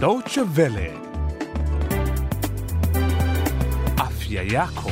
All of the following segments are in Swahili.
Deutsche Welle. Afya yako.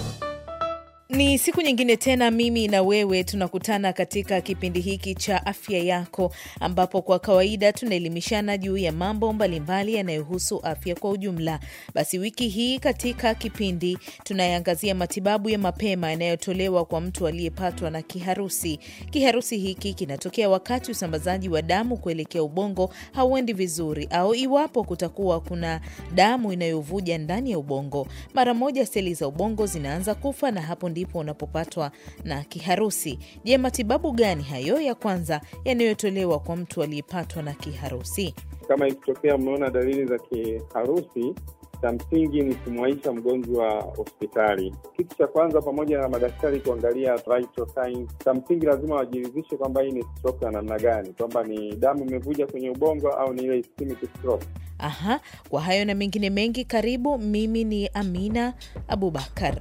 Ni siku nyingine tena, mimi na wewe tunakutana katika kipindi hiki cha afya yako, ambapo kwa kawaida tunaelimishana juu ya mambo mbalimbali yanayohusu afya kwa ujumla. Basi wiki hii katika kipindi tunayeangazia matibabu ya mapema yanayotolewa kwa mtu aliyepatwa na kiharusi. Kiharusi hiki kinatokea wakati usambazaji wa damu kuelekea ubongo hauendi vizuri, au iwapo kutakuwa kuna damu inayovuja ndani ya ubongo. Mara moja seli za ubongo zinaanza kufa na hapo ndipo unapopatwa na kiharusi. Je, matibabu gani hayo ya kwanza yanayotolewa kwa mtu aliyepatwa na kiharusi? Kama ikitokea mmeona dalili za kiharusi, cha msingi ni kumwaisha mgonjwa hospitali. Kitu cha kwanza, pamoja na madaktari kuangalia cha msingi lazima wajiridhishe kwamba hii ni stroke ya namna gani, kwamba ni damu imevuja kwenye ubongo au ni ile stroke. Aha, kwa hayo na mengine mengi, karibu. Mimi ni Amina Abubakar.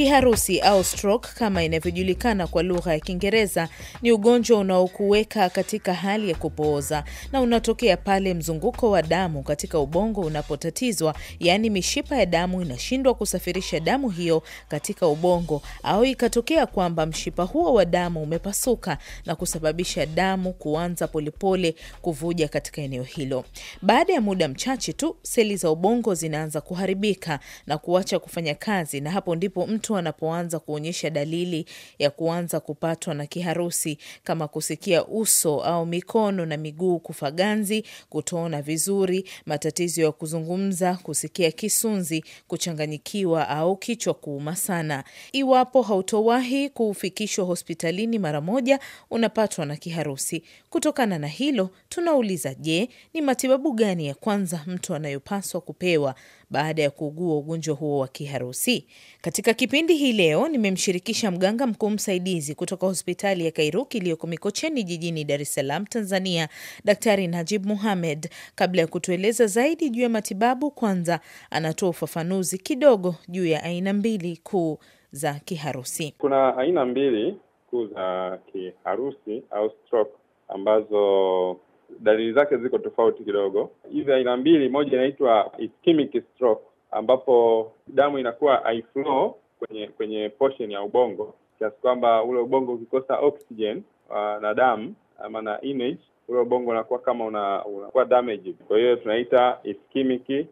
Kiharusi au stroke kama inavyojulikana kwa lugha ya Kiingereza ni ugonjwa unaokuweka katika hali ya kupooza na unatokea pale mzunguko wa damu katika ubongo unapotatizwa, yaani mishipa ya damu inashindwa kusafirisha damu hiyo katika ubongo, au ikatokea kwamba mshipa huo wa damu umepasuka na kusababisha damu kuanza polepole kuvuja katika eneo hilo. Baada ya muda mchache tu, seli za ubongo zinaanza kuharibika na kuacha kufanya kazi, na hapo ndipo mtu mtu anapoanza kuonyesha dalili ya kuanza kupatwa na kiharusi kama kusikia uso au mikono na miguu kufaganzi kutoona vizuri, matatizo ya kuzungumza, kusikia kisunzi, kuchanganyikiwa au kichwa kuuma sana. Iwapo hautowahi kufikishwa hospitalini mara moja, unapatwa na kiharusi. Kutokana na hilo, tunauliza je, ni matibabu gani ya kwanza mtu anayopaswa kupewa baada ya kuugua ugonjwa huo wa kiharusi. Katika kipindi hii leo nimemshirikisha mganga mkuu msaidizi kutoka hospitali ya Kairuki iliyoko Mikocheni jijini Dar es Salaam, Tanzania, Daktari Najib Muhamed. Kabla ya kutueleza zaidi juu ya matibabu, kwanza anatoa ufafanuzi kidogo juu ya aina mbili kuu za kiharusi. Kuna aina mbili kuu za kiharusi au stroke ambazo dalili zake ziko tofauti kidogo. Hizi aina mbili, moja inaitwa ischemic stroke, ambapo damu inakuwa haiflow kwenye kwenye portion ya ubongo kiasi kwamba ule ubongo ukikosa oxygen uh, na damu ama na image, ule ubongo unakuwa kama una, unakuwa damaged. Kwa hiyo tunaita ischemic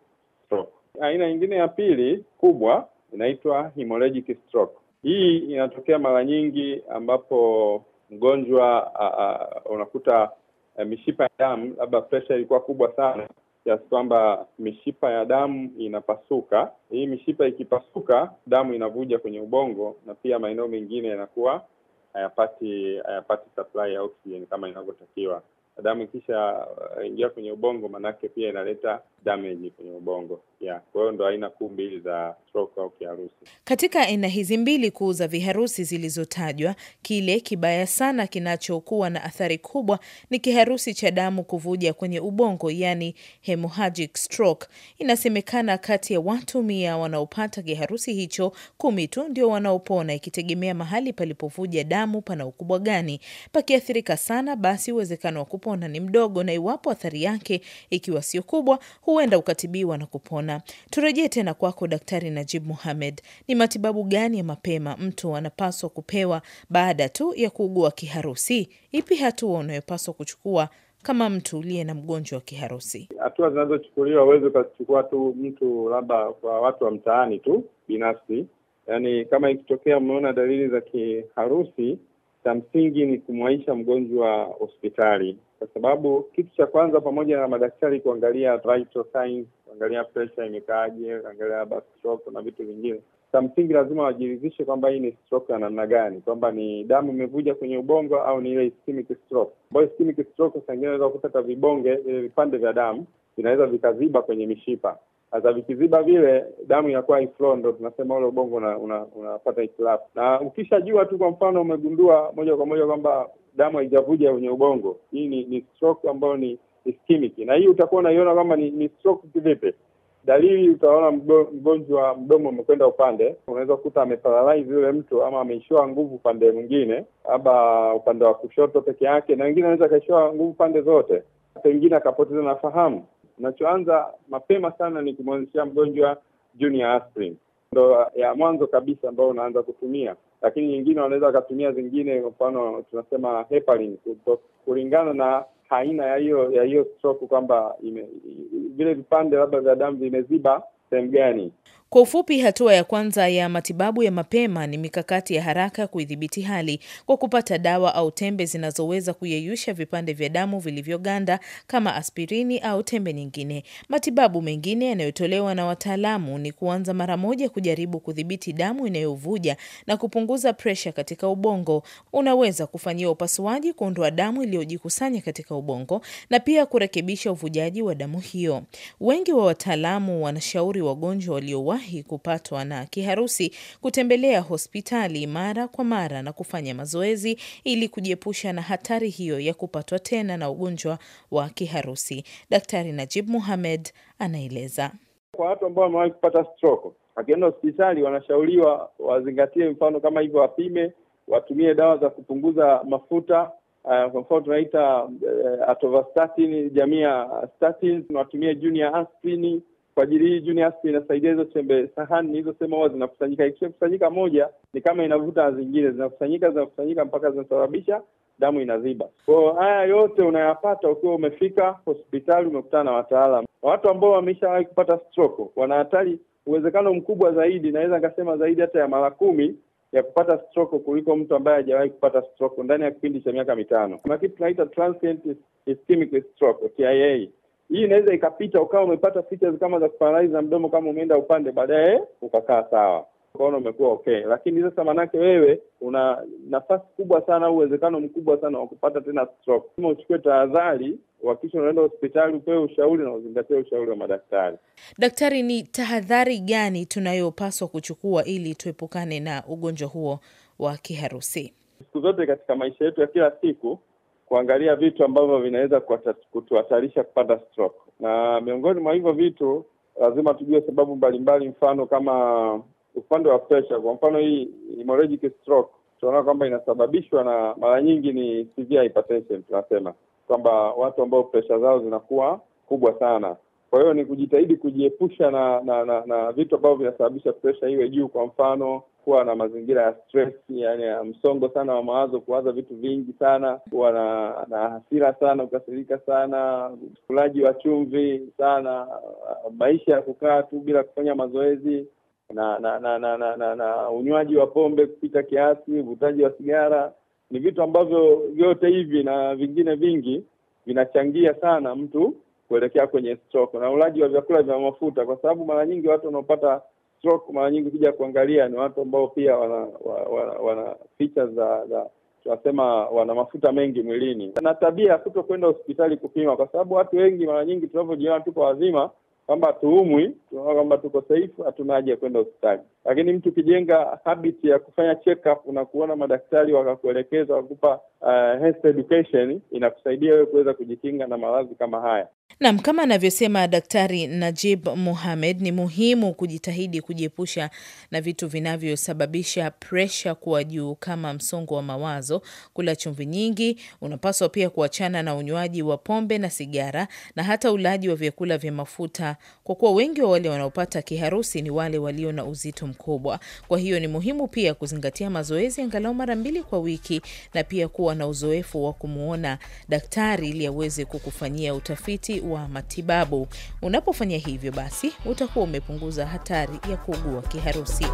stroke. Aina nyingine ya pili kubwa inaitwa hemorrhagic stroke. Hii inatokea mara nyingi ambapo mgonjwa uh, uh, unakuta uh, mishipa ya damu labda presha ilikuwa kubwa sana kiasi kwamba mishipa ya damu inapasuka. Hii mishipa ikipasuka, damu inavuja kwenye ubongo na pia maeneo mengine yanakuwa hayapati hayapati supply ya oxygen kama inavyotakiwa damu ikisha uh, ingia kwenye ubongo, maanake pia inaleta damage kwenye ubongo yeah. Kwa hiyo ndo aina kuu mbili za stroke au kiharusi. Katika aina hizi mbili kuu za viharusi zilizotajwa, kile kibaya sana kinachokuwa na athari kubwa ni kiharusi cha damu kuvuja kwenye ubongo, yani hemorrhagic stroke. Inasemekana kati ya watu mia wanaopata kiharusi hicho, kumi tu ndio wanaopona, ikitegemea mahali palipovuja damu pana ukubwa gani. Pakiathirika sana, basi uwezekano wa kupona ni mdogo, na iwapo athari yake ikiwa sio kubwa, huenda ukatibiwa na kupona. Turejee tena kwako Daktari Najib muhamed ni matibabu gani ya mapema mtu anapaswa kupewa baada tu ya kuugua kiharusi? Ipi hatua unayopaswa kuchukua kama mtu uliye na mgonjwa wa kiharusi? Hatua zinazochukuliwa, huwezi ukachukua tu mtu labda kwa watu wa mtaani tu binafsi. Yaani, kama ikitokea umeona dalili za kiharusi cha msingi ni kumwaisha mgonjwa hospitali, kwa sababu kitu cha kwanza, pamoja na madaktari kuangalia vital signs, kuangalia pressure imekaaje, kuangalia back na vitu vingine, cha msingi lazima wajiridhishe kwamba hii ni stroke ya namna gani, kwamba ni damu imevuja kwenye ubongo au ni ile ischemic stroke, ambayo ischemic stroke saa ingine unaweza kukuta vibonge vile vipande vya damu vinaweza vikaziba kwenye mishipa sasa vikiziba vile, damu inakuwa inflow, ndo tunasema ule ubongo unapata una hitilafu. Na ukishajua tu, kwa mfano, umegundua moja kwa moja kwamba damu haijavuja kwenye ubongo, hii ni, ni stroke ambayo ni ischemic, na hii utakuwa unaiona kwamba ni, ni stroke kivipi? Dalili utaona mgonjwa mdomo umekwenda upande, unaweza kukuta ameparalyze yule mtu, ama ameishiwa nguvu upande mwingine, labda upande wa kushoto peke yake, na wengine anaweza akaishiwa nguvu pande zote, pengine akapoteza nafahamu Unachoanza mapema sana ni kumwanzishia mgonjwa junior aspirin, ndo ya mwanzo kabisa ambao unaanza kutumia, lakini nyingine wanaweza wakatumia zingine, kwa mfano tunasema heparin, kulingana na aina ya hiyo ya hiyo stroke kwamba vile vipande labda vya damu vimeziba sehemu gani. Kwa ufupi, hatua ya kwanza ya matibabu ya mapema ni mikakati ya haraka ya kuidhibiti hali kwa kupata dawa au tembe zinazoweza kuyeyusha vipande vya damu vilivyoganda kama aspirini au tembe nyingine. Matibabu mengine yanayotolewa na wataalamu ni kuanza mara moja kujaribu kudhibiti damu inayovuja na kupunguza presha katika ubongo. Unaweza kufanyiwa upasuaji kuondoa damu iliyojikusanya katika ubongo na pia kurekebisha uvujaji wa damu hiyo. Wengi wa wataalamu wanashauri wagonjwa walio hajawahi kupatwa na kiharusi, kutembelea hospitali mara kwa mara na kufanya mazoezi ili kujiepusha na hatari hiyo ya kupatwa tena na ugonjwa wa kiharusi. Daktari Najib Muhamed anaeleza. Kwa watu ambao wamewahi kupata stroke, akienda hospitali wanashauriwa wazingatie, mfano kama hivyo, wapime, watumie dawa za kupunguza mafuta Uh, kwa mfano tunaita uh, eh, atovastatin jamii ya statin, tunawatumia junior aspirin kwa ajili hii Juniors inasaidia hizo chembe sahani nilizosema huwa zinakusanyika. Ikishakusanyika moja, ni kama inavuta zingine, zinakusanyika zinakusanyika mpaka zinasababisha damu inaziba. Kwa haya yote unayapata ukiwa umefika hospitali, umekutana na wataalam Watu ambao wameshawahi kupata stroke wana hatari, uwezekano mkubwa zaidi, naweza nikasema zaidi hata ya mara kumi ya kupata stroke kuliko mtu ambaye hajawahi kupata stroke ndani ya kipindi cha miaka mitano. Kuna kitu tunaita transient ischemic stroke TIA hii inaweza ikapita ukawa umepata kama za na mdomo, kama umeenda upande baadaye ukakaa sawa, ukaona umekuwa okay. Lakini sasa maanake wewe una nafasi kubwa sana, uwezekano mkubwa sana wa kupata tena stroke. Kama uchukue tahadhari, wakisha unaenda hospitali upewe ushauri na uzingatie ushauri wa madaktari. Daktari, ni tahadhari gani tunayopaswa kuchukua ili tuepukane na ugonjwa huo wa kiharusi? Siku zote katika maisha yetu ya kila siku kuangalia vitu ambavyo vinaweza kutuhatarisha kupata stroke, na miongoni mwa hivyo vitu lazima tujue sababu mbalimbali, mfano kama upande wa presha Kwa mfano hii hemorrhagic stroke tunaona kwamba inasababishwa na mara nyingi ni severe hypertension, tunasema kwamba watu ambao presha zao zinakuwa kubwa sana. Kwa hiyo ni kujitahidi kujiepusha na na, na, na vitu ambavyo vinasababisha presha iwe juu, kwa mfano kuwa na mazingira ya stress, yani ya msongo sana wa mawazo, kuwaza vitu vingi sana, kuwa na, na hasira sana, kukasirika sana, ulaji wa chumvi sana, maisha ya kukaa tu bila kufanya mazoezi na na na na, na, na, na unywaji wa pombe kupita kiasi, uvutaji wa sigara ni vitu ambavyo vyote hivi na vingine vingi vinachangia sana mtu kuelekea kwenye stroke, na ulaji wa vyakula vya mafuta, kwa sababu mara nyingi watu wanaopata stroke mara nyingi ukija kuangalia ni watu ambao pia wana wana, wana za za tunasema wana mafuta mengi mwilini na tabia ya kuto kwenda hospitali kupima, kwa sababu watu wengi mara nyingi tunavyojiona tuko wazima kwamba tuumwi, tunaona kwamba tuko safe, hatuna haja ya kwenda hospitali lakini mtu ukijenga habit ya kufanya check up, kuona madaktari wakakuelekeza, wakupa uh, health education, inakusaidia wewe kuweza kujikinga na maradhi kama haya. nam kama anavyosema Daktari Najib muhamed ni muhimu kujitahidi kujiepusha na vitu vinavyosababisha presha kuwa juu kama msongo wa mawazo, kula chumvi nyingi. Unapaswa pia kuachana na unywaji wa pombe na sigara na hata ulaji wa vyakula vya mafuta, kwa kuwa wengi wa wale wanaopata kiharusi ni wale walio na uzito mkubwa mkubwa. Kwa hiyo ni muhimu pia kuzingatia mazoezi angalau mara mbili kwa wiki na pia kuwa na uzoefu wa kumwona daktari ili aweze kukufanyia utafiti wa matibabu. Unapofanya hivyo, basi utakuwa umepunguza hatari ya kuugua kiharusi.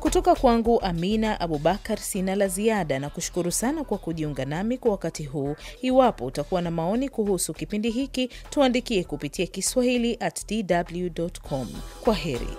Kutoka kwangu Amina Abubakar, sina la ziada na kushukuru sana kwa kujiunga nami kwa wakati huu. Iwapo utakuwa na maoni kuhusu kipindi hiki, tuandikie kupitia Kiswahili at dw.com. Kwa heri.